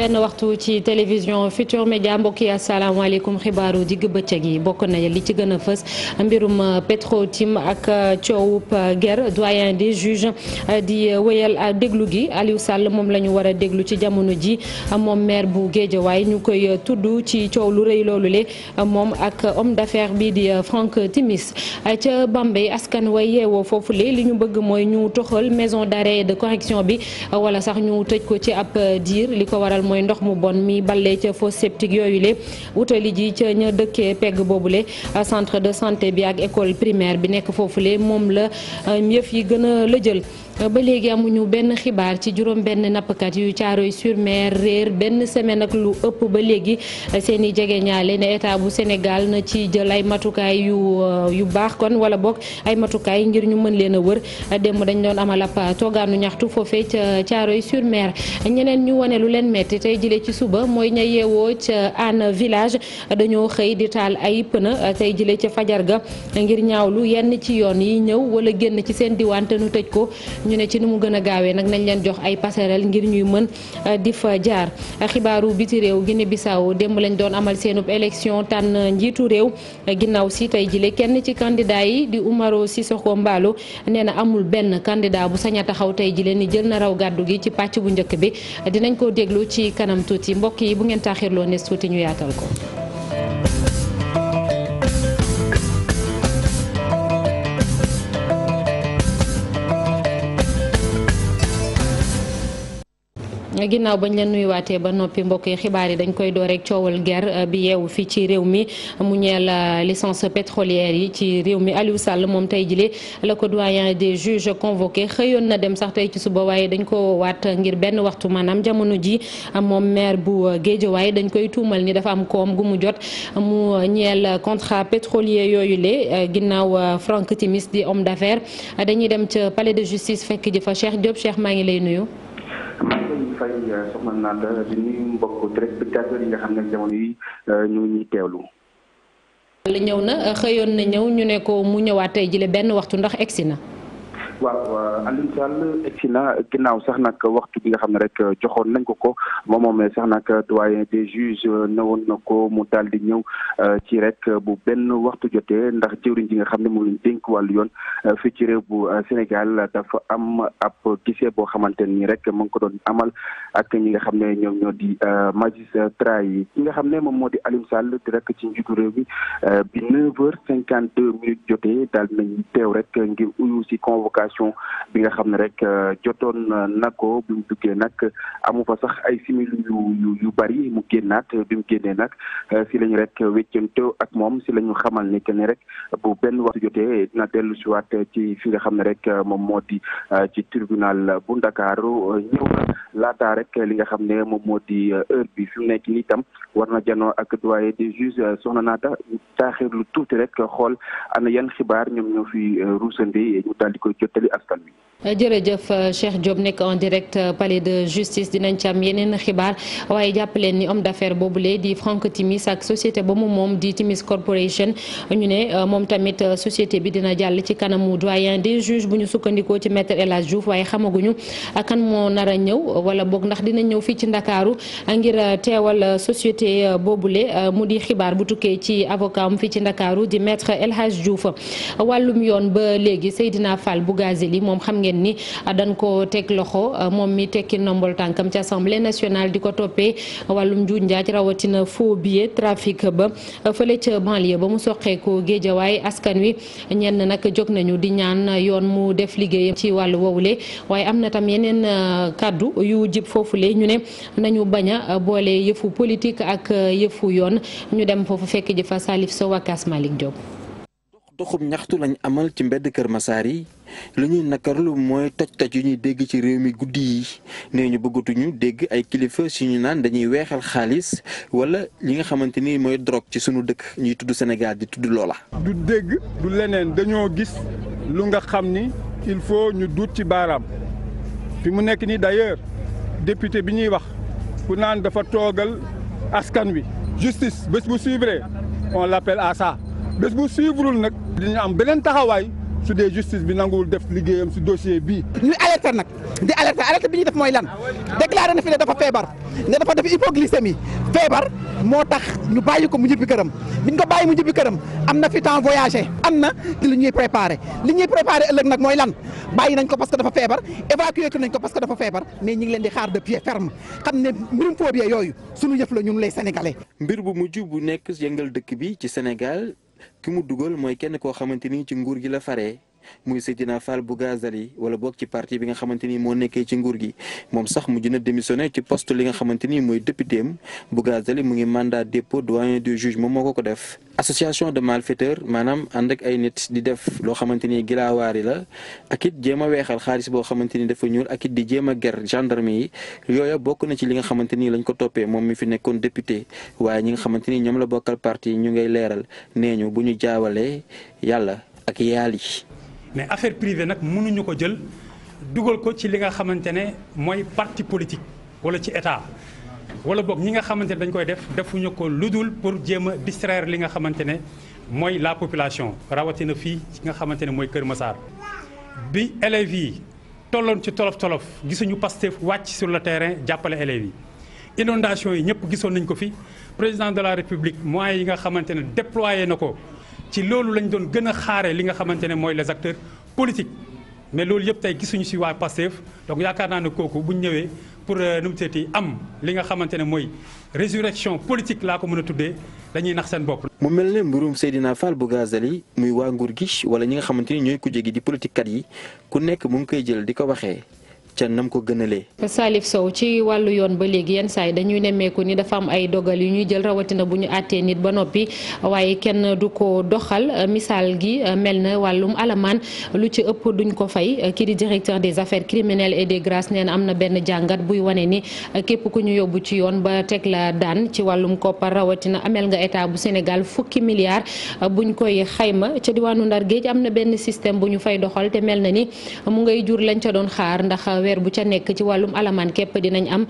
benn waxtu ci télévision Futur Média mbokk yi asalaamaaleykum xibaaru digg bëccëg yi bokk na li ci gën a fës mbirum euh, Petro-Tim ak euh, coowub euh, guerre doyen des juges di wéyal déglu gi Aliou Sall moom la ñu war a déglu ci jamono ji moom maire bu waaye ñu koy tudd ci coow lu rëy loolu le moom ak homme d'affaires bi di Franck Timis ca Bambey askan way yeewoo foofu le li ñu bëgg mooy ñu toxal maison d'arrêt de correction bi wala sax ñu tëj ko ci ab diir mooy ndox mu bon mi ballee ca fosse septique yooyu le wutali ji ca ña dëkkee pegg le euh, centre de santé bi ak école primaire bi nekk foofu le moom la euh, yëf yi gën a la jël ba léegi amuñu benn xibaar ci juróom benn nappkat yu caaroy sur mer réer benn semaine ak lu ëpp ba léegi seen i jege ñaale ne état bu Sénégal na ci jël ay matukaay yu euh, yu baax kon wala boog ay matukaay ngir ñu mën leen a wër démb dañ doon amal ab toogaanu ñaxtu foofee ca caaroy sur mer ñu wane lu leen metti tey jëlee ci suba mooy ña yeewoo ca Hann village dañoo xëy di taal ay pëna tey jëlee ca fajar ga ngir ñaawlu yenn ci yoon yi ñëw wala génn ci seen diwaan te nu tëj ko ñu ne ci nu mu gën a gaawee nag nañ leen jox ay passerelle ngir ñuy mën euh, di fa jaar xibaaru biti réew Guinée Bissau démb lañ doon amal seenub élection tànn njiitu réew ginnaaw sii tey jile kenn ci candidat yi di Umaro Sissoco Embaló nee na amul benn candidat bu sañ a taxaw tey jile ni jël na raw gàddu gi ci pàcc bu njëkk bi dinañ ko déglu ci kanam tuuti mbokk yi bu ngeen taaxirloo ne tuuti ñu yaatal ko ginnaaw bañ leen nuyuwaatee ba noppi mbokk yi xibaar yi dañ koy door rek coowal ger uh, bi yeewu fii ci réew mi mu ñeel uh, licence pétrolière yi ci réew mi Aliou Sall moom tey jile la ko doyen des juges convoqué xëyoon na dem sax tey ci suba waaye dañ ko waat ngir benn waxtu maanaam jamono ji moom maire bu uh, waaye dañ koy tuumal ni dafa am koom gu mu jot mu ñeel contrat pétrolier yooyu le ginnaaw Franck Timis di homme d'affaires dañuy dem ca palais de justice fekk ji fa Cheikh Diop Cheikh maa ngi lay nuyu maa ngi fay euh, soxna Naata di nuyu mbokku yi nga xam ne jamono yi euh, ñu ngi ñuy teewlu. ñëw na xëyoon na ñëw ñu ne ko mu ñëwaat tey jile benn waxtu ndax egsi na. waaw euh, Alioune Sall egsi na ginnaaw sax nag waxtu bi nga xam ne rek euh, joxoon nañ ko ko moom moomee sax nag doyen des juges euh, ne woon na ko mu daal di ñëw ci rek bu benn waxtu jotee ndax jëwriñ ji nga xam ne moom dénk wàllu yoon fii ci réew bu Sénégal dafa am ab gisee boo xamante nii rek mu ngi ko doon amal ak ñi nga xam ne ñoom ñoo di magistrat yi ki nga xam ne moom moo di Alioune Sall di rek ci njiitu bi bi cinquante deux minutes jotee daal nañ teew rek ngir uyu si convocation information bi nga xam ne rek euh, jotoon euh, na ko duggee nag amu fa sax ay simili yu yu yu bari mu génnaat bi mu génnee nag euh, si lañu rek wéccante ak moom si la ñu xamal ni que ne rek bu benn waxtu jote dina dellu si ci fi nga xam ne rek moom moo di ci tribunal bu Ndakaaru ñëw na laataa rek li nga xam ne moom moo di heure bi fi mu nekk nii tam war na janoo ak doyen des juges euh, soxna naata taaxir lu tuuti rek xool ana yan xibaar ñoom ñoo fi euh, ruusande ñu daal di koy jottali askan wi jërëjëf Cheikh Diop nekk en direct euh, palais de justice dinañ ci am yeneen xibaar waaye jàpp leen ni homme d'affaires boobule di Frank Timis ak société ba mu moom di Timis Corporation ñu ne euh, moom tamit euh, société bi dina jàll ci kanamu doyen des juges bu ñu sukkandikoo ci maître El Hadj Diouf waaye xamaguñu akan moo nar a ñëw wala boog ndax dina ñëw fii ci ndakaaru ngir teewal société boobule mu di xibaar bu tukkee ci avocat am fii ci ndakaaru di maître El Hadj wàllum yoon ba léegi Seydina Fall Bougazelli moom ni ah, dañ ko teg loxo ah, moom mi tekki ndombol tànkam ci assemblée nationale di ko toppee wàllum njuuj rawatina foo billet trafic ba ah, fële ca banlieue ba mu soqeekoo géejawaay askan wi ñenn nag jóg nañu di ñaan yoon mu def liggéeyam ci wàllu wowule waaye am na tam yeneen kàddu yu jib foofule ñu ne nañu bañ a boole yëfu politique ak yëfu yoon ñu dem foofu fekk ji fa Salif Sow ak Malick Diop doxum ñaxtu lañu amal ci mbedd Kër Masaar yi lu ñuy nakarlu mooy toj-toj yu ñuy dégg ci réew mi guddi yi nee ñu bëggatuñu dégg ay kilifa si ñu naan dañuy weexal xaalis wala ñi nga xamante ni mooy drogue ci sunu dëkk ñuy tudd senegal di tudd loola. du dégg du leneen dañoo gis lu nga xam ni il faut ñu duut ci baaraam fi mu nekk nii d'ailleurs député bi ñuy wax ku naan dafa toogal askan wi justice bés bu suivre on l'appelle à ça. bés bu suivrul nag dinañu am beneen taxawaay su dee justice bi nanguwul def liggéeyam si dossier bii. ñuy alerter nag di alerter alerter bi ñuy def mooy lan déclaré na fi ne dafa feebar ne dafa def hypoglycémie feebar moo tax ñu bàyyi ko mu ñibbi këram bi ñu ko bàyyi mu ñibbi këram am na fi temps voyager am na li ñuy préparé li ñuy préparé ëllëg nag mooy lan bàyyi nañ ko parce que dafa feebar évacué ko nañ ko parce que dafa feebar mais ñi ngi leen di xaar de pied ferme xam ne mbirum phobie yooyu suñu lay sénégalais. mbir mu mujj bu nekk yëngal dëkk bi ci Sénégal. ki mu dugal mooy kenn koo xamante ni ci nguur gi la faree mu muy Seydina Fall bu Gazali wala boog ci parti bi nga xamante ni moo nekkee ci nguur gi moom sax mujj na démissionné ci poste li nga xamante ni mooy député am bu Gazali mu ngi mandat dépôt doyen du juge moom moo ko ko def. association de malfaiteurs maanaam ànd ak ay nit di def loo xamante ni yi la ak it jéem a weexal xaalis boo xamante ni dafa ñuul ak it di jéem a ger gendarme yi yooya bokk na ci li nga xamante ni lañ ko toppee moom mi fi nekkoon député waaye ñi nga xamante ni ñoom la bokkal parti ñu ngay leeral nee ñu bu ñu jaawalee yàlla ak yaal yi mais affaire privée nag mënuñu ko jël dugal ko ci li nga xamante ne mooy parti politique wala ci état wala boog ñi nga xamante ne dañ koy def defuñu ko lu dul pour jéem a distraire li nga xamante ne mooy la population rawatina fii ci nga xamante ne mooy Kër Massar. bi élèves yi tolloon ci tolof tolof gisuñu Pastef wàcc sur le terrain jàppale élèves yi inondation yi ñëpp gisoon nañ ko fi président de la république moyens yi nga xamante ne déployé na ko. ci loolu lañ doon gën a xaaree li nga xamante ne mooy les acteurs politiques mais loolu yëpp tey gisuñu si waa Pastef donc yaakaar naa ne kooku bu ñu ñëwee pour euh, nu mu am li nga xamante ne mooy résurrection politique laa ko mën a tuddee dañuy nax seen bopp. mu mel ne mbirum naa Fall bu Gazali muy waa nguur gi wala ñi nga xamante ni ñooy kujje gi di politique kat yi ku nekk mu ngi koy jël di ko waxee. ca nam ko gënalee. Salif Sow ci wàllu yoon ba léegi yenn saa yi dañuy nemmeeku ni dafa am ay dogal yu ñuy jël rawatina bu ñu àttee nit ba noppi waaye kenn du ko doxal misaal gi euh, mel na wàllum alamaan lu ci ëpp duñ ko fay kii di directeur des affaires criminelles et des grâces nee am na benn jàngat buy wone ni képp ku ñu yóbbu ci yoon ba teg la daan ci wàllum koppar rawatina amel nga état bu Sénégal fukki milliards buñ koy xayma ca diwaanu Ndar géej am na benn système bu ñu fay doxal te mel na ni weer bu ca nekk ci wàllum alamaan képp dinañ am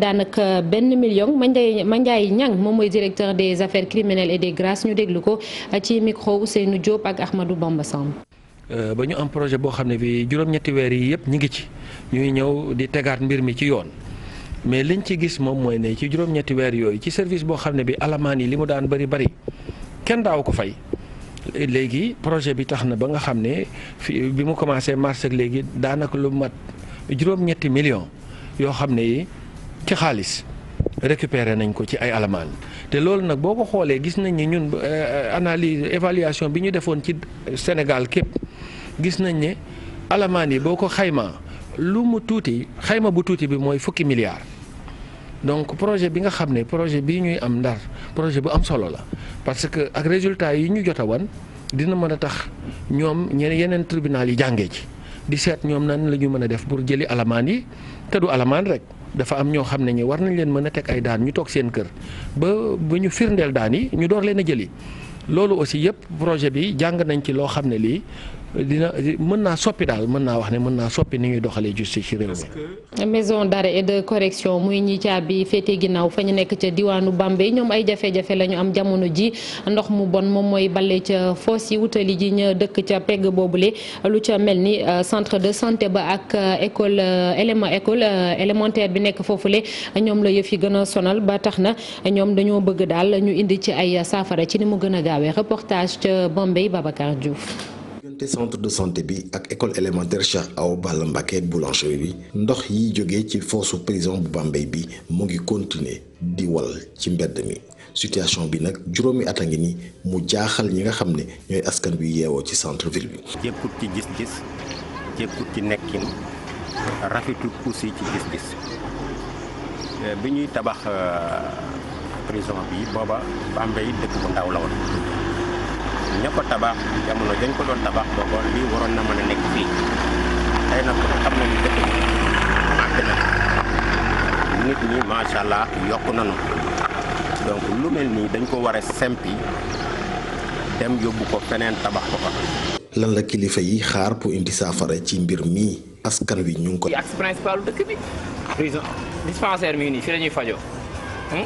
daanaka benn million Mandiaye Mandiaye Niang moom mooy directeur des affaires criminelles et des grâces ñu déglu ko ci micro Ousseynou Diop ak Ahmadou Bamba Samb euh, ba ñu am projet boo xam ne bi juróom-ñetti weer yi yëpp ñu ngi ci ñuy ñëw di tegaat mbir mi ci yoon mais liñ ci gis moom mooy ne ci juróom-ñetti weer yooyu ci service boo xam ne bi alamaan yi li mu daan bëri bari kenn daaw ko fay léegi projet bi tax na ba nga xam ne fi bi mu commencé mars ak léegi daanaka lu mat juróom-ñetti millions yoo xam ne yi ci xaalis récupéré nañ ko ci ay alamaan te loolu nag boo ko xoolee gis nañ ni ñun euh, euh, analyse évaluation bi ñu defoon ci Sénégal képp gis nañ ne alamaan yi boo ko xaymaa lu mu tuuti xayma bu tuuti bi mooy fukki milliards. donc projet bi nga xam ne projet bii ñuy am ndar projet bu am solo la parce que ak résultat yi ñu jot a wan dina mën a tax ñoom ñeneen yeneen tribunal yi jàngee ci. di seet ñoom nan la ñu mën a def pour jëli alamaan yi te du alamaan rek dafa am ñoo xam ne ñi war nañ leen mën a teg ay daan ñu toog seen kër ba ba ñu firndeel daan yi ñu door leen a jëli loolu aussi yëpp projet bi jàng nañ ci loo xam ne lii dina mën naa soppi daal mën naa wax ne mën naa soppi ni ñuy doxalee justice ci réew mi. maison d'arrêt et de correction muy ñi caabi féete ginnaaw fa ñu nekk ca diwaanu Bambey ñoom ay jafe-jafe la ñu am jamono ji ndox mu bon moom mooy bale ca foos yi wutali ji ña dëkk ca pegg boobu boobule lu ca mel ni euh, centre de santé ba ak euh, école euh, élément école élémentaire bi nekk foofu foofule ñoom la yëf yi gën a sonal ba tax na ñoom dañoo bëgg daal ñu indi ci ay saafara ci ni mu gën a gaawee reportage ca Bambey Babacar diggante centre de santé bi ak école élémentaire Cheikh Awa Balla Mbacké boulangerie bi ndox yi jóge ci foosu prison bu Bambey bi mu ngi continuer di wal ci mbedd mi situation bi nag juróomi at a ngi ni mu jaaxal ñi nga xam ne ñooy askan bi yeewoo ci centre ville bi. jékkut ci gis-gis jékkut ci nekkin rafetul aussi ci gis-gis euh, bi ñuy tabax euh, prison bi booba Bambey dëkk bu ndaw la woon ña ko tabax jamono dañ ko doon tabax waroon na mën a nekk fii tey nag ko xam nañu dëkk bi màgg nit ñi macha allah yokk nañu donc lu mel nii dañ ko war a sempi dem yóbbu ko feneen tabax ko lan la kilifa yi xaar pour indi saafara ci mbir mi askan wi ñu ngi ko. axe principal dëkk bi prison dispensaire mi ngi nii fii la fajoo hmm?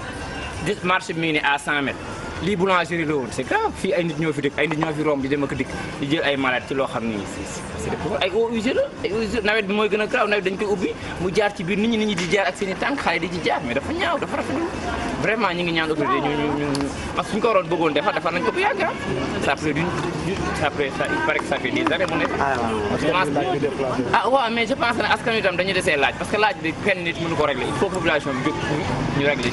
marché mi ngi nii à 100 lii boulangerie la woon c'est grave ay nit ñoo fi dëkk ay nit ñoo fi romb di dem dikk jël ay malade ci loo xam ni c'est ay eaux usées ay eaux usées nawet bi mooy gën a grave nawet dañ koy ubbi mu jaar ci biir nit ñi di jaar ak seen i tànk xale di ci jaar mais dafa ñaaw dafa rafetul vraiment ñu ngi ñaan autorité ñu ñu parce que suñu ko waroon bëggoon defar defar nañ ko bu yàgg ah. ça fait du nit mënu ko régler il faut population bi jóg ñu régler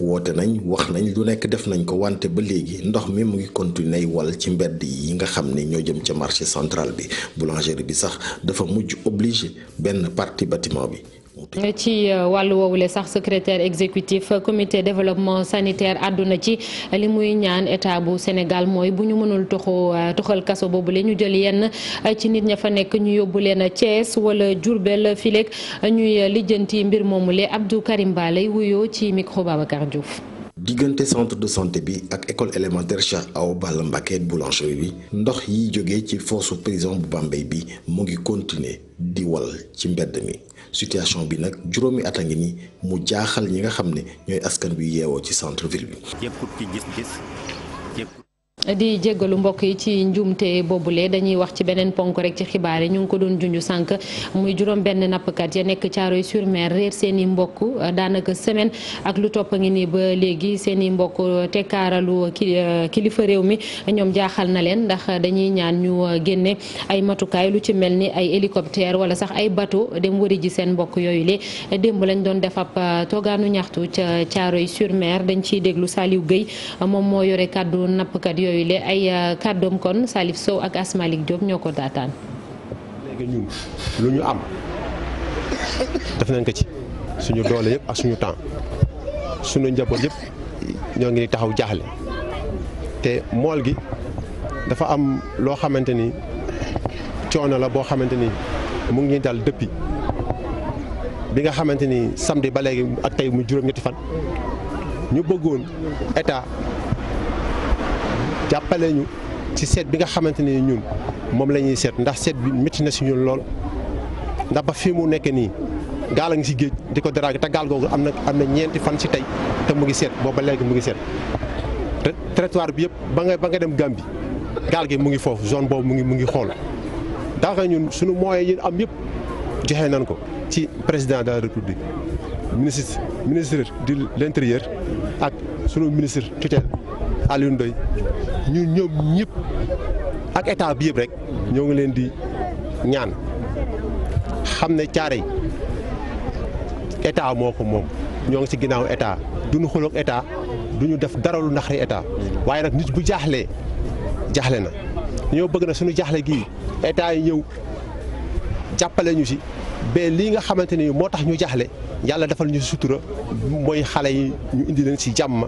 woote nañ wax nañ lu nekk def nañ ko wante ba léegi ndox mi mu ngi continuer wal ci mbedd yi nga xam ne ñoo jëm ca marché centrale bi boulangerie bi sax dafa mujj obligé benn partie bâtiment bi ci euh, wàllu woowule sax secrétaire exécutif euh, comité développement sanitaire àdduna ci euh, li muy ñaan état bu Sénégal mooy bu ñu mënul toxo toxal kaso boobu la ñu jël yenn ci nit ña fa nekk ñu yóbbu leen Thiès wala Diourbel fileeg ñuy lijjanti mbir moomule Abdou Karim Ba lay wuyoo ci micro Babacar Diouf. diggante centre de santé bi ak école élémentaire Cheikh Awa Balla Mbacké boulangerie bi ndox yi jógee ci foosu prison bu Bambey bi mu ngi continuer di wal ci mbedd situation bi nag juróomi at a ngi ni mu jaaxal ñi nga xam ne ñooy askan bi yeewoo ci centre ville bi. képp ku gis-gis. di jéggalu mbokk yi ci njuumte boobule dañuy wax ci beneen ponk rek ci xibaar yi ñu ngi ko doon junj sànq muy juróom benn nappkat ya nekk caaroy sur mer réer seen mbokk daanaka semaine ak lu topp ngi nii ba léegi seen i mbokk tekkaaralu euh, kilifa réew mi ñoom jaaxal na leen ndax dañuy ñaan ñu euh, génne ay matukaay lu ci mel ni ay hélicoptère wala sax ay bateau dem ji seen mbokk yooyu le démb lañ doon def euh, toogaanu ñaxtu ca caaroy sur mer dañ ciy déglu Saliou Guèye moom moo yore kàddu nappkat yooyu le ay euh, kàddoom kon Salif Sow ak Asmalik Diop ñoo ko daataan. léegi ñun lu ñu am def nañ ko ci suñu doole yëpp ak suñu temps suñu njaboot yëpp ñoo ngi taxaw jaaxle te mool gi dafa am loo xamante ni coono la boo xamante ni mu ngi dal depuis bi nga xamante ni samedi ba léegi ak tey mu juróom-ñetti fan ñu bëggoon état. jàppale ñu ci seet bi nga xamante ne ñun moom la ñuy seet ndax seet bi métti na si ñun lool ndax ba fii mu nekk nii gaal a ngi si géej di ko dragué te gaal googu am na am na ñeenti fan si tey te mu ngi seet booba léegi mu ngi seet territoire bi yëpp ba nga ba nga dem Gambie gaal gi mu ngi foofu zone boobu mu ngi mu ngi xool ndax ñun suñu moyens yi am yëpp joxe nañ ko ci président de la république ministre ministre de l'intérieur ak sunu ministre tutelle Aliou Ndoye ñun ñoom ñëpp ak état bi yëpp rek ñoo ngi leen di ñaan xam ne caare yi état moo ko moom ñoo ngi ci ginnaaw état duñu xuloog état duñu def dara lu naxari état waaye nag nit bu jaaxlee jaxle na ñoo bëgg na suñu jaxle gii état yi ñëw jàppale ñu si ba lii nga xamante ni moo tax ñu jaaxle yàlla defal ñu si sutura mooy xale yi ñu indi leen si jàmm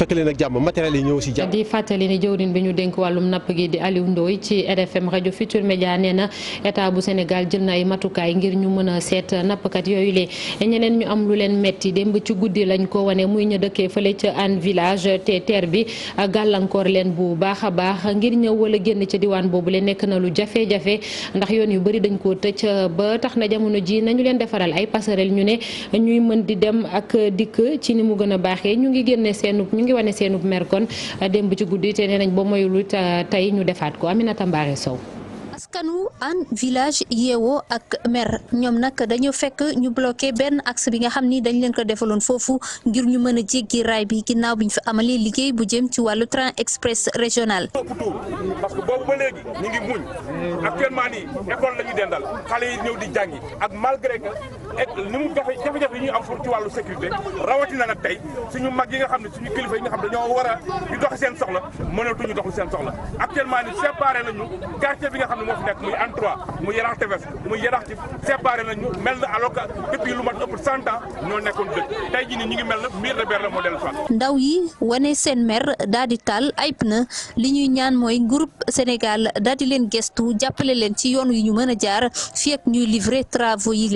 fekk leen ak jàmm matériel yi ñëw si jàmm. di fàttali ni jëwriñ bi ñu dénk wàllum napp gi di Aliou Ndoye ci RFM rajo Futur Média nee na bu Sénégal jël na ngir ñu mën a seet nappkat yooyu lee ñeneen ñu am lu leen metti démb ci guddi lañ ko wane muy ñu dëkkee fële ca Hann village te terre bi gàllankoor leen bu baax a baax ngir ñëw wala génn ci diwaan boobu le nekk na lu jafe-jafe ndax yoon yu bëri dañ ko tëj ba tax na jamono ji nañu leen defaral ay passerelle ñu ne ñuy mën di dem ak dikk ci ni mu gën a baaxee ñu ngi génne seen ngi wane seenub mer kon démb ci guddi te nee nañ ba moy lu euh, it tey ñu defaat ko amina Mbaare Sow askanu an village yeewoo ak mer ñoom nag dañoo fekk ñu bloqué benn axe bi nga xam ni dañ leen ko defaloon foofu ngir ñu mën a jéggi raay bi ginnaaw bi ñu fa amalee liggéey bu jëm ci wàllu train express régional. parce que boobu ba léegi ñu ngi muñ actuellement nii école la ñu dendal xale yi ñëw di jàngi ak malgré que ak ni mu jafe jafe yi ñu am pour ci wàllu sécurité rawatina nag tey suñu mag yi nga xam ne suñu kilifa yi nga xam ne a di dox seen soxla mënatuñu dox seen soxla actuellement ni séparé nañu quartier bi nekk ndaw yi wane seen mer daal taal ay li ñuy ñaan mooy groupe Sénégal daal leen gestu jàppale leen ci yoon yu ñu mën a jaar fii ñuy livrer travaux yi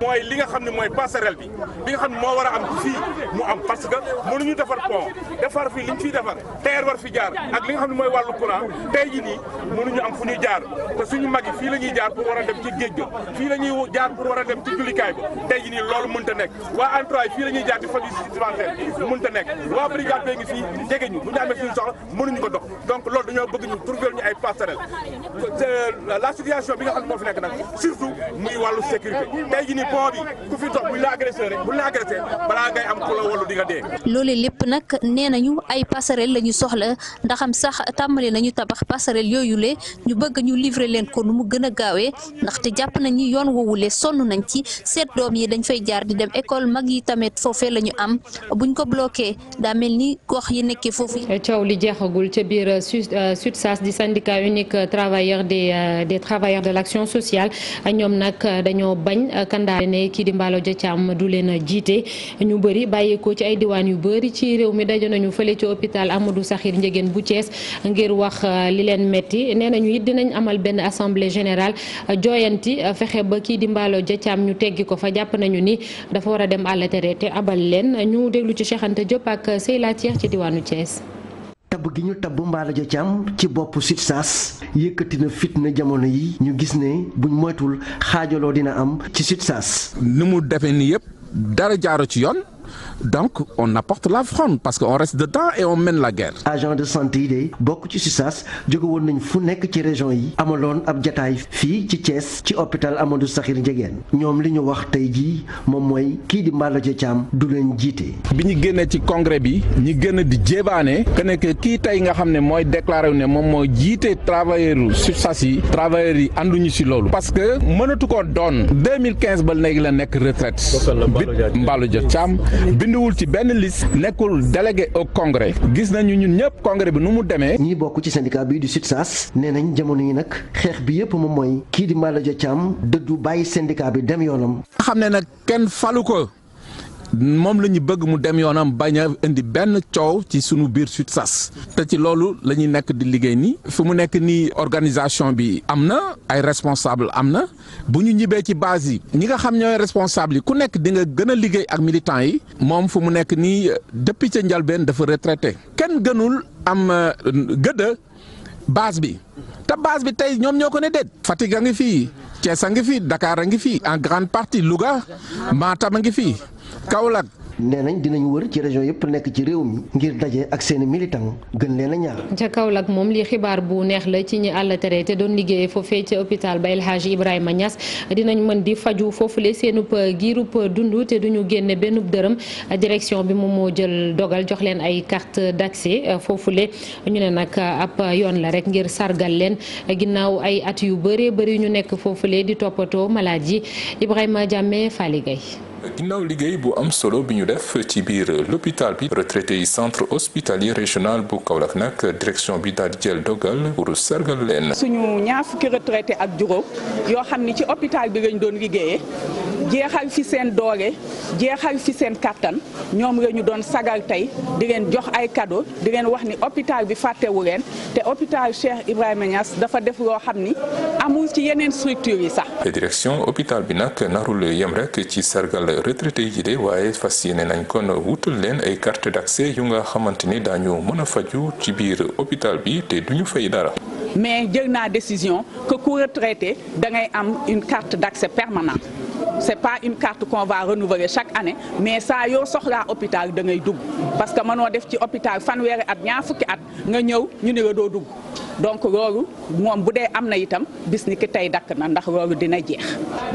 mooy li nga xam ne mooy passerelle bi li nga xam ne moo war am fii mu am parce que mënuñu defar pont defar fii li ñu defar teer war fi jaar ak li nga xam ne mooy wàllu courant tey jii nii mënuñu am fu ñuy jaar te suñu mag yi fii jaar pour war a dem ci géej ga a dem ci jullikaay ba tey jii nii loolu mënta nekk waa entroy fii la jaar di fa di dispensaire mënta nekk waa brigade bee ngi fii jege ñu bu ñu amee suñu soxla mënuñu ko dox donc loolu dañoo bëgg ñu trouver ñu ay passerelle euh, la situation bi nga xam ne moo fi nekk nag surtout muy wàllu sécurité loole lépp nag nee nañu ay passerelle la soxla ndaxam sax tàmbali nañu tabax passerelle yooyu le ñu bëgg ñu livrer leen ko nu mu gën a gaawee ndaxte jàpp nañ ni yoon woowule sonn nañ ci seet doom yi dañ fay jaar di dem école mag yi tamit foofee lañu am buñ ko bloqué daa mel ni gox yi nekkee foofu. coow li jeexagul ca biir euh, SUTSAS euh, di syndicat unique euh, travailleur des des travailleurs de l'action sociale ñoom nag dañoo bañ kanda ne kii di Mballo caam Thiam du leen a jiite ñu bëri bàyyeekoo ci ay diwaan yu bëri ci réew mi daje nañu fële ci hôpital amadu saxiir Ndiéguène bu cees ngir wax euh, li leen metti nee nañu it dinañ amal benn assemblée générale euh, jooyanti euh, fexe ba kii di Mballo caam ñu teggi ko fa jàpp nañu ni dafa war a dem àll tere te abal leen ñu déglu ci Cheikh Anta Diop ak Seyla Thier ci diwaanu Thiès. tab gi ñu tabb Mbathio Thiam ci boppu SUTSAS yëkkati na fitna jamono yi ñu gis ne buñ moytul xaajaloo dina am ci SUTSAS. ni mu defee nii yëpp dara jaaro ci yoon. donc on apporte la fronde parce que on reste dedans et on mène la guerre. agent de santé yi de bokk ci SUTSAS jóge woon nañ fu nekk ci région yi amaloon ab jataay fii ci Thiès ci hôpital Amadou Sakhir Ndiéguène ñoom li ñu wax tey jii moom mooy kii di Mballo Dia Thiam du leen jiite. bi ñu génnee ci congrès bi ñu génn di jébaane que ne kii tey nga xam ne mooy déclaré wu ne moom mooy jiite travailleur SUTSAS yi travailleurs yi ànduñu si loolu parce que mënatu ko doon 2015 ba léegi la nekk retraite bi Mballo Dia Thiam binduwul ci benn liste nekkul délégué au congrès gis nañu ñun ñëpp congrès bi nu mu demee. ñi bokk ci syndicat bii di SUTSAS nee nañ jamono yi nag xeex bi yëpp moom mooy kii di Mballo Dia Thiam dëddu bàyyi syndicat bi dem yoonam. xam ne nag kenn falu ko. moom la ñu bëgg mu dem yoonam bañ a indi benn coow ci sunu biir SUTSAS te ci loolu la ñuy nekk di liggéey nii fu mu nekk nii organisation bi am na ay responsable am na bu ñu ñibbee ci base yi ñi nga xam ñooy responsable yi ku nekk di nga gën a liggéey ak militants yi moom fu mu nekk nii depuis ca njalbeen dafa retraité kenn gënul am euh, gëdda base bi te base bi tey ñoom ñoo ko ne déet Fatick a ngi fii Thiès a ngi fii Dakar a ngi fii en grande partie Louga Matam a ngi fii Kaolack. nee nañ dinañ wër ci région yëpp nekk ci réew mi ngir daje ak seeni militant gën leen a ñaax. ca Kaolack moom li xibaar bu neex la ci ñi àll tere te doon liggéeyee foofee ca hôpital ba El Hadji Ibrahima Niass dinañ mën di faju foofu foofule giiru euh, giirub euh, dund te duñu génne benn dërëm direction bi moom moo jël dogal jox leen ay carte foofu euh, foofule ñu ne nag ab yoon la rek ngir sargal leen ginnaaw ay at yu bëree bëri ñu nekk foofu foofule di toppatoo malade yi Ibrahima Diame Faly Gueye ginnaaw liggéey bu am solo bi ñu def ci biir l'hôpital bi retraité yi centre hospitalier régional bu Kaolack nag direction bi daal di jël dogal pour sargal leen. suñu ñaar fukki retraité ak juróom yoo xam ni ci hôpital bi lañ doon liggéeyee jeexal fi seen doole jeexal fi seen kàttan ñoom la ñu doon sagal tey di leen jox ay cadeau di leen wax ni hôpital bi fàttewu leen te hôpital Cheikh Ibrahima Niass dafa def loo xam ni amul ci yeneen structure yi sax. direction hôpital bi nag narul yem rek ci sargal. retraité yi de waaye fas yéene nañ kon wutal leen ay carte d'accès yu nga xamante ni daañu mën a faju ci biir hôpital bi te duñu fay dara. mais jël naa décision que ku retraité da ngay am une carte d'accès permanente. c' est pas une carte qu'on va renouveler chaque année mais saa yoo soxla hôpital dangay dugg parce que mënoo def ci hôpital fanweeri at ñaar fukki at nga ñëw ñu ne la doo dugg donc loolu moom bu dee am na itam bis ni ki tey dakk na ndax loolu dina jeex.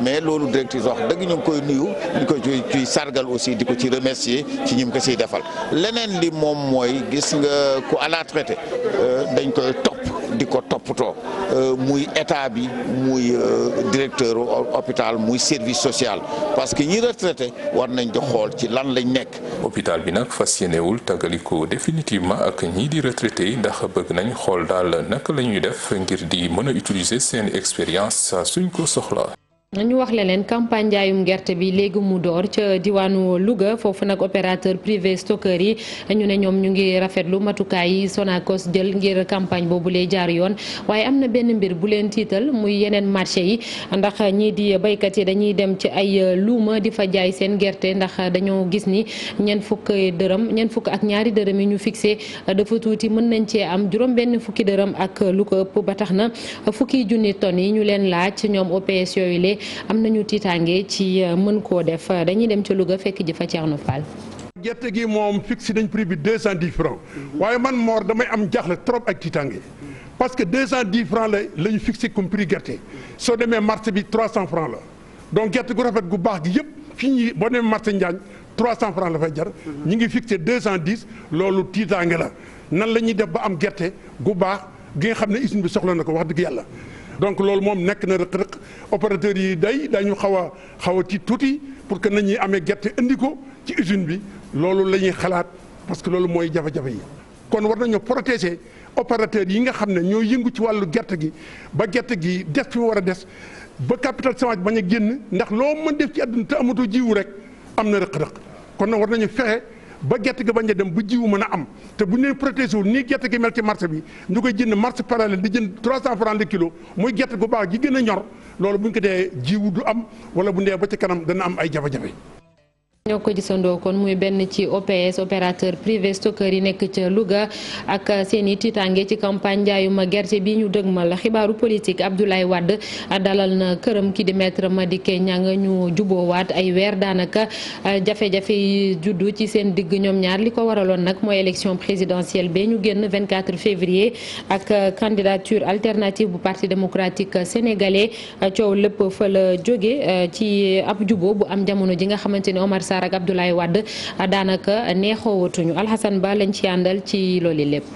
mais loolu directrice wax dëgg ñu ngi koy nuyu ñu koy ciy sargal aussi di ko ci remercier ci ñi mu ko siy defal leneen li moom mooy gis nga ku à la traité euh, dañ koy topp. di ko toppatoo euh, muy état bi muy euh, directeur hôpital muy service social parce que ñii retraité war nañ di xool ci lan lañ nekk. hôpital bi nag fas yéenewul ko définitivement ak ñii di retraité yi ndax bëgg nañu xool daal naka la ñuy def ngir di mën a utiliser seen expérience suñ ko soxla. nañu wax leen campagne njaayum gerte bi léegi mu door ca diwaanu Louga foofu nag opérateur privé stockeur yi ñu ne ñoom ñu ngi rafetlu matukaay yi Sonacos jël ngir campagne boobu lay jaar yoon waaye am na benn mbir bu leen tiital muy yeneen marché yi ndax ñii di béykat yi dañuy dem ci ay luuma di fa jaay seen gerte ndax dañoo gis ni ñeent fukk dërëm ñeent fukk ak ñaari dërëm yi ñu fixé dafa tuuti mën nañ cee am juróom benn fukki dërëm ak lu ko ëpp ba tax na fukki junni tonnes yi ñu leen laaj ñoom OPS yooyu am nañu tiitaange ci euh, mën koo def euh, dañuy dem ci Louga fekk ji fa Thierno Fall. gerte gi moom fixé nañ prix bi deux cent dix francs waaye man moor damay am jaaxle trop ak tiitaange parce que deux cent dix francs la la ñu fixé comme prix gerte soo demee marché bi trois cent francs la donc gerte gu rafet gu baax gi yëpp fii ñuy boo demee marché Njaañ trois cent francs la fay jar ñu ngi fixé deux cent dix loolu tiitaange la nan la ñuy def ba am gerte gu baax gi nga xam ne usine bi soxla na ko wax dëgg yàlla donc loolu moom nekk na rëq-rëq opérateur yi day dañu xaw a xaw a ci tuuti pour que nañuy amee gerte indi ko ci usine bi loolu la ñuy xalaat parce que loolu mooy jafe-jafe yi. kon war nañoo protéger opérateur yi nga xam ne ñoo yëngu ci wàllu gerte gi ba gerte gi des fi war a des ba capital semence bañ a génn ndax loo mën def ci àdduna te amatoo jiwu rek am na rëq-rëq kon nag war nañu fexe. ba gerte gi bañ a dem ba jiwu mën a am te bu ñu leen protéger wul nii gerte gi mel ci marché bi ñu koy jënd marché parallèle di jënd 300 francs le kilo muy gerte gu baax gi gën a ñor loolu bu ñu ko dee jiwu du am wala bu ñu dee ba ci kanam dana am ay jafe-jafe. ñoo ko gisandoo kon muy benn ci OPS opérateur privé stockeur yi nekk ca Louga ak seen i tiitaange ci campagne njaayuma gerte bi ñu ma la xibaaru politique Abdoulaye Wade dalal na këram ki di maître Madické nga ñu waat ay weer daanaka jafe-jafe yi juddu ci seen digg ñoom ñaar li ko waraloon nag mooy élection présidentielle bi ñu génn 24 février ak candidature alternative bu parti démocratique sénégalais coow lépp fa la jóge ci ab juboo bu am Sarr ak Abdoulaye Wade daanaka neexoowatuñu Alxasan Ba lañ ci àndal ci loolu lépp.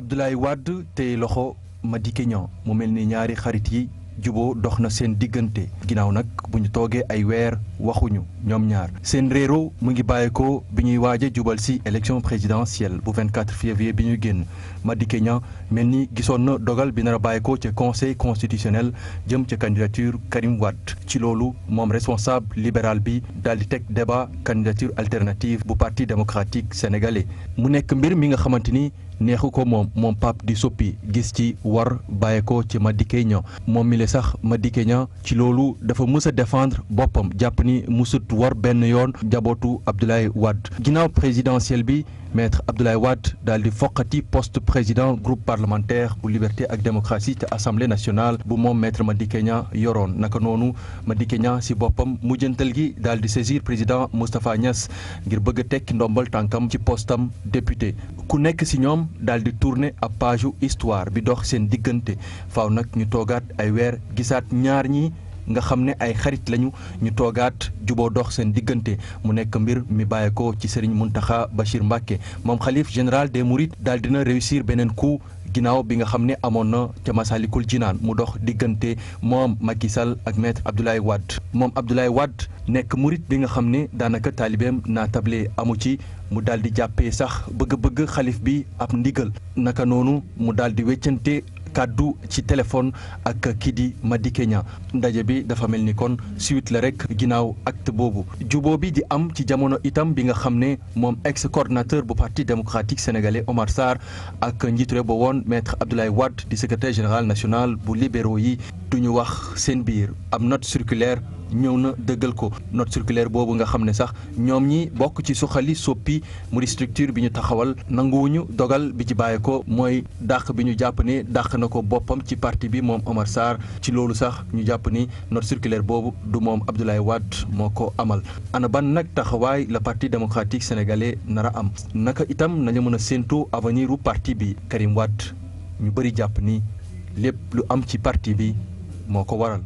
Abdoulaye Wade tey loxo Madické Niang mu mel ni ñaari xarit yi. juboo dox na seen diggante ginnaaw nag bu ñu toogee ay weer waxuñu ñoom ñaar seen réeroo mu ngi bàyyeekoo bi ñuy waaj jubal si élection présidentielle bu 24 février bi ñu génn Madické Niang mel ni gisoon na dogal bi nar a bàyyeekoo ca conseil constitutionnel jëm ca candidature Karim Wade ci loolu moom responsable libéral bi daal di teg débat candidature alternative bu parti démocratique sénégalais mu nekk mbir mi nga xamante ni neexu ko moom moom Pape di soppi gis ci war bàyyeekoo ci ma Madické Niang moom mi le sax Madické Niang ci loolu dafa mësa a boppam jàpp ni musut war benn yoon jabootu Abdoulaye Wade ginnaaw présidentiel bi maître Abdoulaye Wade daal di foqati post président groupe parlementaire bu liberté ak démocratie te assemblée nationale bu moom ma Madické Niang yoroon naka noonu Madické Niang si boppam mujjantal gi daal di saisir président Moustapha Niass ngir bëgg a tekki ndombal tànkam ci postam député ku nekk si ñoom daal di tourner ab page istoire bi dox seen diggante faaw nag ñu toogaat ay weer gisaat ñaar ñi nga xam ne ay xarit lañu ñu toogaat juboo dox seen diggante mu nekk mbir mi bàyyeekoo ci Serigne Mountakha Bachir Mbacké moom xalif général de Mourides daal dina réussir beneen ku ginnaaw bi nga xam ne amoon na ca Masalikul Jinaan mu dox diggante moom Macky Sall ak maître Abdoulaye wadd moom Abdoulaye wadd nekk murit bi nga xam ne daanaka taalibeem naa table amu ci mu daal di jàppee sax bëgg-bëgg xalif bi ab ndigal naka noonu mu daal di weccante kàddu ci téléphone ak kii di Madické Niang ndaje bi dafa mel ni kon suite la rek ginnaaw acte boobu juboo bi di am ci jamono itam bi nga xam ne moom ex coordonnateur bu parti démocratique sénégalais Omar Sarr ak njiitu réew ba woon maître Abdoulaye Wade di secrétaire général national bu libéraux yi duñu wax seen biir am note circulaire ñëw na dëggal ko not circulaire boobu nga xam ne sax ñoom ñi bokk ci suxali soppi mu di structure bi ñu taxawal nanguwuñu dogal bi ci bàyyi ko mooy dàq bi ñu jàpp ne dàq na ko boppam ci parti bi moom Omar Sarr ci loolu sax ñu jàpp ni not circulaire boobu du moom Abdoulaye Wade moo ko amal ana ban nag taxawaay la parti démocratique nar a am naka itam nañu mën a séentu avenir u parti bi Karim Wade ñu bëri jàpp ni lépp lu am ci parti bi moo ko waral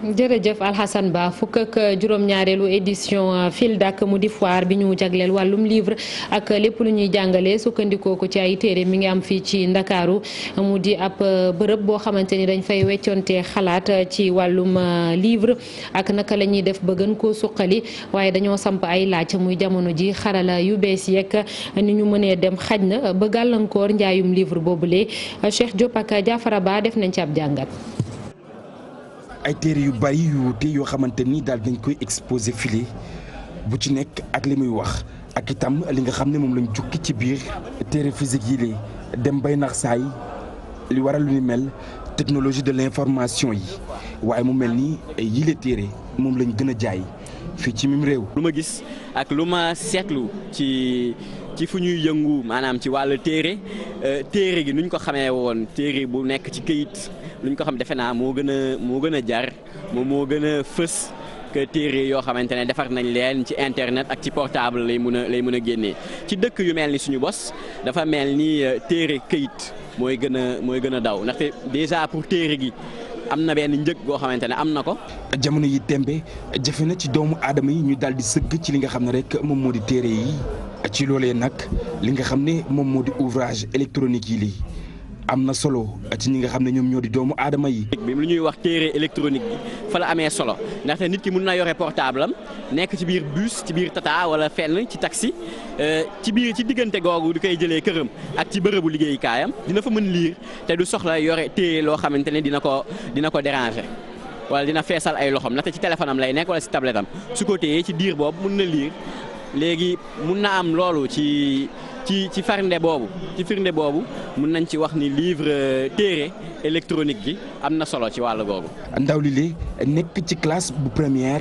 jërëjëf Alhassane Ba fukk ak juróom-ñaareelu édition euh, FILDAK mu di foire bi ñu jagleel wàllum livre ak lépp lu ñuy jàngale sukkandikoo ko ci ay téere mi ngi am fii ci Ndakaaru mu di ab euh, bërëb boo xamante ni dañ fay weccoonte xalaat ci wàllum euh, livre ak naka la ñuy def ba gën koo suqali waaye dañoo samp ay laaj muy jamono ji xarala yu bees yeeg ni ñu mënee dem xaj na ba gàllankoor njaayum livre boobule Cheikh Diop ak Jaafara baa def nañ ci ab jàngat. ay téere yu bari yu wuute yoo xamante nii daal dañ koy exposé file bu ci nekk ak li muy wax ak itam li nga xam ne moom lañ jukki ci biir téere physique yi lee dem bay nax saay li waral lu ni mel technologie de l'information yi waaye mu mel ni yile téere moom lañ gën a jaay fii ci mim réew. lu ma gis ak lu ma seetlu ci ci fu ñuy yëngu maanaam ci wàll téere euh, téere gi nuñ ko xamee woon téere bu nekk ci këyit. lu luñ ko xam defe naa moo gën a moo gën a jar moom moo gën a fës que téere yoo xamante ne defar nañ leen ci internet ak ci portable lay mun a lay mun a génnee ci dëkk yu mel ni suñu bos dafa mel nii euh, téere këyit mooy gën a mooy gën a daw ndaxte déjà pour téere gi am na benn njëg goo xamante ne am na ko. jamono yi tembe jafe na ci doomu aadama yi ñu dal di sëgg ci li nga xam ne rek moom moo di téere yi ci loolee nag li nga xam ne moom moo di ouvrage électronique yi lii. am na solo ci ñi nga xam ne ñoom ñoo di doomu aadama yi. bi lu ñuy wax téere électronique bi fa la amee solo ndaxte nit ki mun na yore portable am nekk ci biir bus ci biir tata wala fenn ci taxi euh, ci biir ci diggante googu di koy jëlee këram ak ci bërëbu liggéeyukaayam dina fa mën liir te du soxla yore téere loo xamante ne dina ko dina ko déranger. wala dina feesal ay loxoom ndaxte ci téléphone lay nekk wala si tablette am su ko téyee ci diir boobu mun na léegi mun na am loolu ci. ci ci farnde boobu ci firnde boobu mun nañ ci wax ni livre euh, téere électronique bi am na solo ci wàll googu. ndaw li li nekk ci classe bu première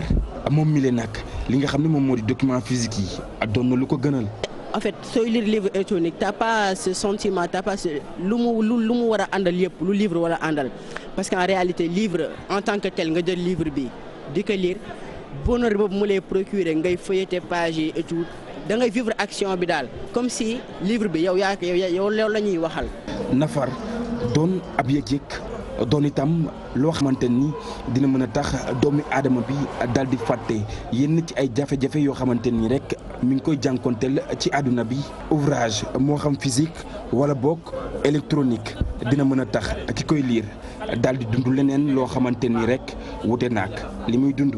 moom mi le nag li nga xam ne moom moo di document physique yi ak doon lu ko gënal. en fait sooy lire livre électronique t'as pas ce sentiment t'as pas lu mu lu mu war a àndal yëpp lu livre war a àndal parce que en réalité livre en tant que tel nga jël livre bi di ko lire bonheur boobu mu lay procurer ngay feuilleter da ngay vivre action bi daal comme si livre bi yow yaa yow yow la ñuy waxal. nafar doon ab yëg-yëg doon itam loo xamante ni dina mën a tax doomi aadama bi daal di fàtte yenn ci ay jafe-jafe yoo xamante ni rek mi ngi koy jànkonteel ci àdduna bi ouvrage moo xam physique wala boog électronique dina mën a tax ki koy liir daal di dund leneen loo xamante ni rek wute naak li muy dund.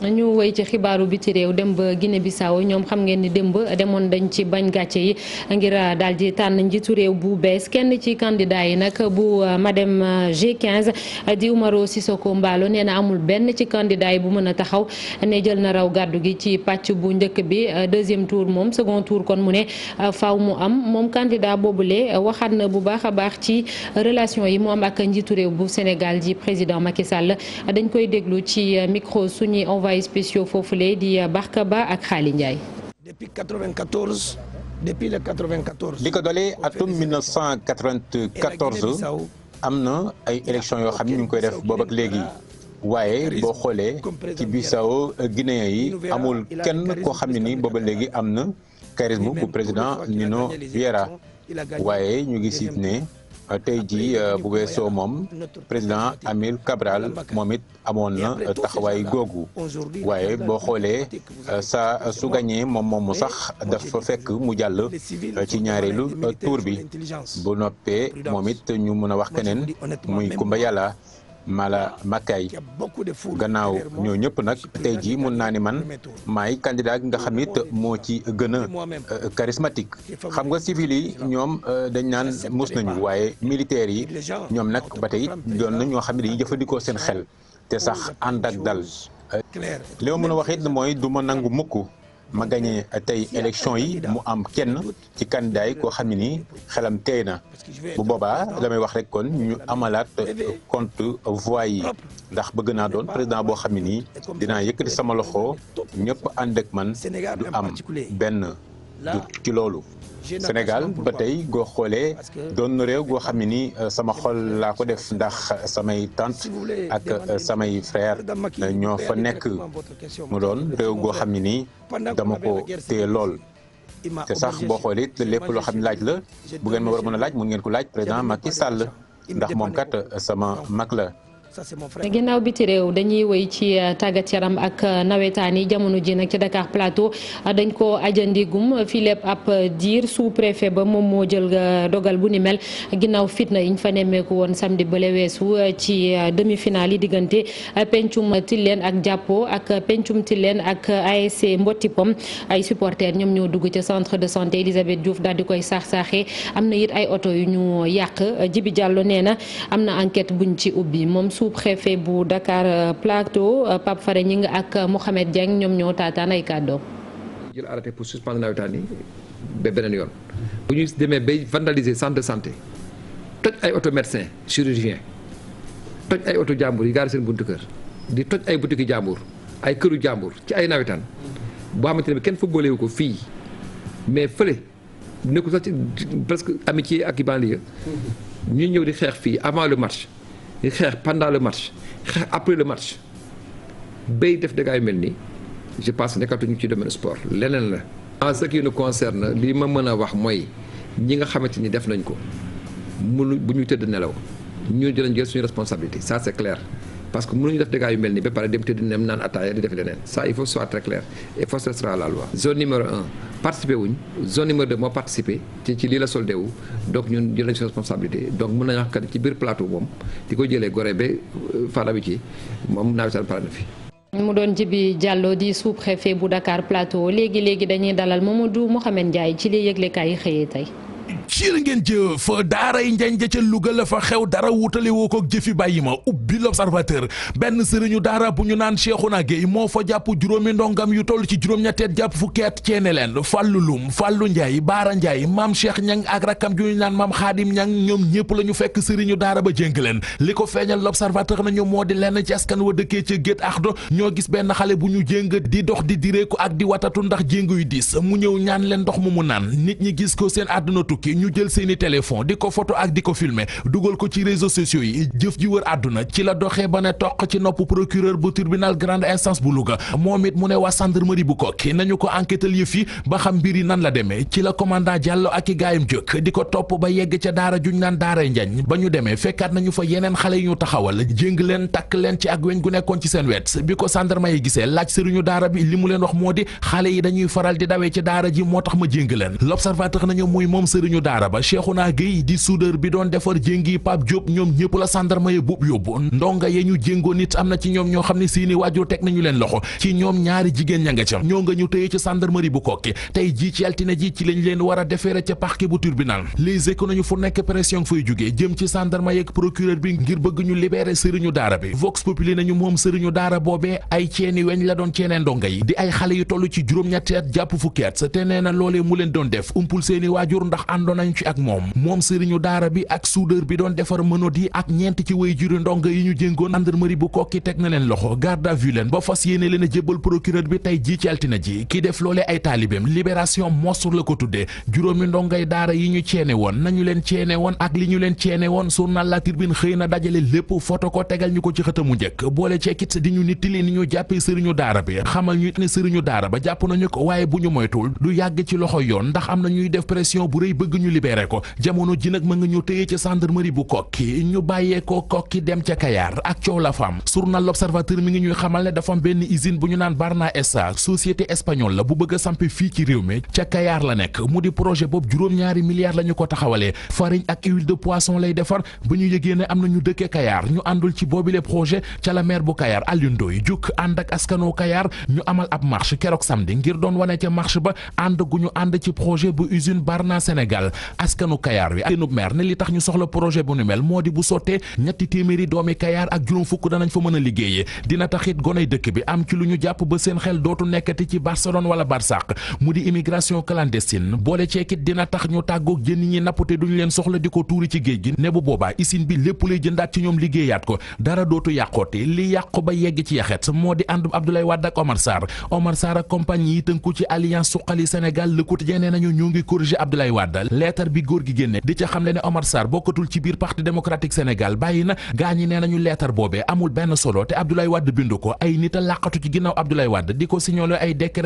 ñu wéy ci xibaaru biti réew dem ba Guinée Bissau ñoom xam ngeen ni démb demoon dañ ci bañ gàcce yi ngir ah, daal di tànn njiitu réew bu bees kenn ci candidat yi nag bu ah, madame ah, G15 di Umaro Sissoko Embaló nee na amul benn ci candidat yi bu mën a taxaw ne jël na raw gàddu gi ci pàcc bu njëkk bi deuxième tour moom second tour kon mu ne faw mu am moom candidat boobule waxaat na bu baax a baax ci relation yi mu am ak njiitu réew bu Sénégal ji président Macky Sall dañ envoyé spéciaux foofulee di euh, Barka Ba ak Xaali Ndiaye. depuis 94 depuis le 94. li ko dolee atum 1994 am na ay élections yoo xam ne ñu ngi koy def boobu ak léegi. waaye boo xoolee ci Bissau Guinée yi amul kenn koo xam ne ni booba léegi am na charisme bu président Nino Vieira waaye ñu ngi siit ne Euh, tey jii euh, bu weesoo moom président Amir Cabral moom it amoon na taxawaay googu waaye boo xoolee euh, sa su gañee moom mu sax dafa fekk mu jàll ci ñaareelu tour bi bu noppee moom it ñu mën a wax keneen muy Kumba Yàlla mala Makay gannaaw ñoo ñëpp nag tey jii mun naa ni man maay candidat nga xam it moo ci gën a euh, charismatique xam nga civil yi ñoom euh, dañ naan mus nañu waaye militaires yi ñoom nag ba tey doon na ñoo xam ne dañuy jëfandikoo seen xel te sax ànd ak dal euh, li ma mën a wax it mooy du ma nangu mukk ma gagné tey élection yi mu am kenn ci candidat yi koo xam ne nii xelam tey na bu boobaa la may wax rek kon ñu amalaat compte voix yi ndax bëgg naa doon président boo xam ne nii dinaa yëkkati sama loxo ñëpp ànd ak man du am benn. ci loolu Sénégal ba tey goo xoolee doon na réew goo xam ne nii euh, sama xol laa ko def ndax samay tante ak euh, samay na ñoo fa nekk mu doon réew goo xam ne nii dama ko téye lool te sax boo xoolee it lépp loo xam ne laaj la bu ngeen ma war a mën a laaj mun ngeen ko laaj président Macky Sall ndax moom kat euh, sama mag la ça c'est mon frère. ginnaaw biti réew dañuy wéy ci euh, tàggat yaram ak euh, nawetaan yi jamono ji nag ci Dakar Plateau euh, dañ ko ajandigum fii lépp ab diir sous préfet ba moom moo jël dogal bu ni mel ginnaaw fitna yi ñu fa nemmeeku woon samedi bële weesu ci demi finale yi diggante pencum Tilleen ak jàppo ak pencum Tilleen ak ASC Mboti Pom ay supporters ñoom ñoo dugg ca centre de santé Elisabeth Diouf daal di koy saax saaxee am na it ay oto yu ñu yàq Jibi Diallo nee am na enquête buñ sous-préfet bu Dakar euh, Plateau euh, Pape Fare Gning ak Mouhamed Dieng ñoom ñoo taataan ay kàddoom. jël arrêté pour suspendre nawetaan yi ba beneen yoon. bu ñu demee bay vandaliser centre de santé toj ay auto médecin chirurgien toj ay auto jàmbur yi gaari seen buntu kër di toj ay boutique jàmbur ay këru jàmbur ci ay nawetaan boo xamante ne bi kenn footballé ko fii mais fële nekkul sax ci presque amitié ak i banlieue ñuy ñëw di xeex fii avant le match. xeex pendant le match xeex après le match bay def dégâts yu mel nii je pense nekkatuñu ci domaine sport leneen la. en ce qui nous concerne li ma mën a wax mooy ñi nga xamante ni def nañ ko mënu bu ñu tëdd nelaw ñun dinañ jël suñu responsabilité ça c'est clair. parce que mënuñu def dégâts yu mel nii ba pare dem tëdd nem naan attaaya di def leneen ça il faut soit très clair et force restera à la loi. zone numéro un. participé wuñ zone numéro moo participé ci ci lii la soldé wu donc ñun jël nañ seen responsabilité donc mën nañu wax kat ci biir plateau moom di ko jëlee Gorée ba euh, Fada bi ci moom nawetaan pare na fi. mu doon Djibi jàlloo di sous-préfet bu Dakar Plateau léegi léegi dañuy dalal Mamadou Mouhamed Ndiaye ci li yëglekaay yi xëyee tey. ciir ngeen jëf daaray njanja ca Louga la fa xew dara wutale woo ko jëfi bàyyi ma ubbi l'observateur benn sëriñu daara bu ñu naan Cheikhouna Gueye moo fa jàpp juróomi ndongam yu toll ci juróom-ñetteet jàpp fukki at ceene leen Fallou Loum Fallou Ndiaye Baara Ndiaye maam Cheikh Ñang ak rakkam ju ñu naan maam Xaadim Ñang ñoom ñëpp la ñu fekk sëriñu daara ba jénk leen li ko feeñal l'observateur nañu moo di lenn ci askan wa dëkkee ca Gét Axdo ñoo gis benn xale bu ñu jéng di dox di direeku ak di watatu ndax jéng yu diis mu ñëw ñaan leen ndox mu mu naan nit ñi gis ko seen àdduna tukki ñu jël seeni téléphone di ko photo ak di ko filmer dugal ko ci réseaux sociaux yi jëf ji wër àdduna ci la doxee ba ne toq ci nopp procureur bu tribunal grande instance bu Louga moom it mu ne waa gendarmerie bu Koki nañu ko enquêtal yëf yi ba xam mbir nan la demee ci la commandant Diallo ak i gaayam jëkk di ko topp ba yegg ca daara juñ naan daara njañ ba ñu demee fekkaat nañu fa yeneen xale yu ñu taxawal jéng leen takk leen ci ak weñ gu nekkoon ci seen wet bi ko gendarme yi gisee daara ba Cheikhouna Gueye di soudeur bi doon defar jéngi Pape Diop ñoom ñëpp la sandarma ya buub yóbboon ndonga ya ñu jéngoon am na ci ñoom ñoo xam ne seeni waajur teg nañu leen loxo ci ñoom ñaari jigéen ña ca ñoo nga ñu tëye ci sandarmari bu kokki tey jii ci altine ji leen war a defeere ca parquet bu tribunal les éco fu nekk pression fay jógee jëm ci sandarma yeeg procureur bi ngir bëgg ñu libérer sëriñu daara bi vox populi nañu moom sëriñu daara nañu ci ak moom moom sëriñu daara bi ak soudeur bi doon defar mënoot yi ak ñeent ci way juri ndongo yi ñu leen a ceene woon ak li ñu leen ceene woon journal La Tribune xëy na dajale lépp foto ko tegal ñu ko ci xëtamu njëkk boole ceekit di ñu nittali ni ñu jàppee sëriñu daara bi xamal ñu it sëriñu daara ba jàpp nañu ko waaye bu ñu moytuwul du yàgg ci loxo yoon ndax am na ñuy def pression bu rëy bëgg ñu libéré ko jamono ji nag ma nga ñu téye ca gendarmerie bu kokki ñu bàyyee ko kokki dem ca kayaar ak coow la fam journal l'observateur mi ngi ñuy xamal ne dafa am benn usine bu ñu naan Barna SA société espagnole la bu bëgg a sampe fii ci réew mi ca kayaar la nekk mu di projet boobu juróom-ñaari milliards la ñu ko taxawalee farine ak huile de poisson lay defar ba ñu yëgee ne am na ñu dëkkee kayaar ñu àndul ci boobile projet ca la maire bu kayaar Alioune Ndoye jukk ànd ak askano kayaar ñu amal ab marche keroog samedi ngir doon wane ca marche ba ànd gu ñu ànd ci projet bu usine Barna Sénégal askanu kayaar wi ak seenub maire ne li tax ñu soxla projet bu nu mel moo di bu sottee ñetti téeméeri doomi kayaar ak juróom fukk danañ fa mën a liggéeyee dina tax it goney dëkk bi am ci lu ñu jàpp ba seen xel dootu nekkati ci Barcelone wala Barsàq mu di immigration clandestine boole ceekit dina tax ñu tàggoog jën ñi nappute duñ leen soxla di ko tuuri ci géej gi ne bu boobaa isin bi lépp lay jëndaat ci ñoom liggéeyaat ko dara dootu yàqoote li yàqu ba yegg ci yaxet moo di àndum Abdoulaye Wade ak Omar Sarr Omar Sarr ak compagnie yi tënku ci alliance suqali Sénégal le quotidien nee nañu ñu ngi corriger Abdoulaye Wade leetar bi góor gi génne di ca xamle ne Omar Sarr bokkatul ci biir parti démocratique Sénégal bàyyi na gaa ñi nee nañu leetar boobee amul benn solo te Abdoulaye Wade bindu ko ay nit a làqatu ci ginnaaw Abdoulaye Wade di ko signalé ak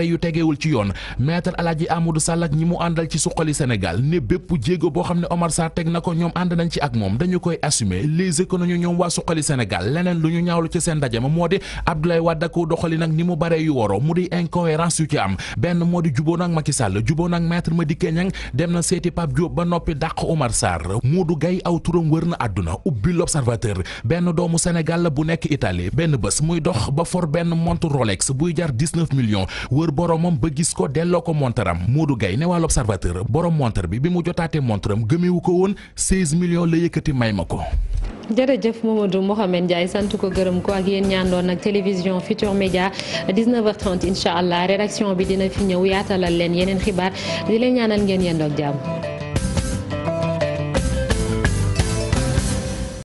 ñi xam ne Omar Sarr teg na ko ñoom ànd nañ ci ak moom dañu koy assumer les économies ñu ñoom waa suqali Sénégal leneen lu ñu ñaawlu ci seen ndaje ma moo di Abdoulaye Wade ko doxali nag ni mu baree yu woro mu di incohérence yu ci am benn moo di juboo nag Macky Sall juboo nag maître Madické Niang dem na seeti Pape ba noppi dàq Omar Sarr Modou Gaye aw turam wër na àdduna ubbi l'observateur benn doomu senegal la bu nekk Italie benn bés muy dox ba for benn montre Rolex buy jar 19 millions wër boromam ba gis ko delloo ko montaram Modou Gaye ne waa l'observateur borom montre bi bi mu jotaatee montaram gëmewu ko woon 16 millions la yëkkati may ma ko. jërëjëf Mamadou Mohamed Ndiaye sant ko gërëm ko ak yéen ñaandoon ak télévision Futur Média 19h30 incha allah rédaction bi dina fi ñëw yaatalal leen yeneen xibaar di leen ñaanal ngeen yendoog jàmm.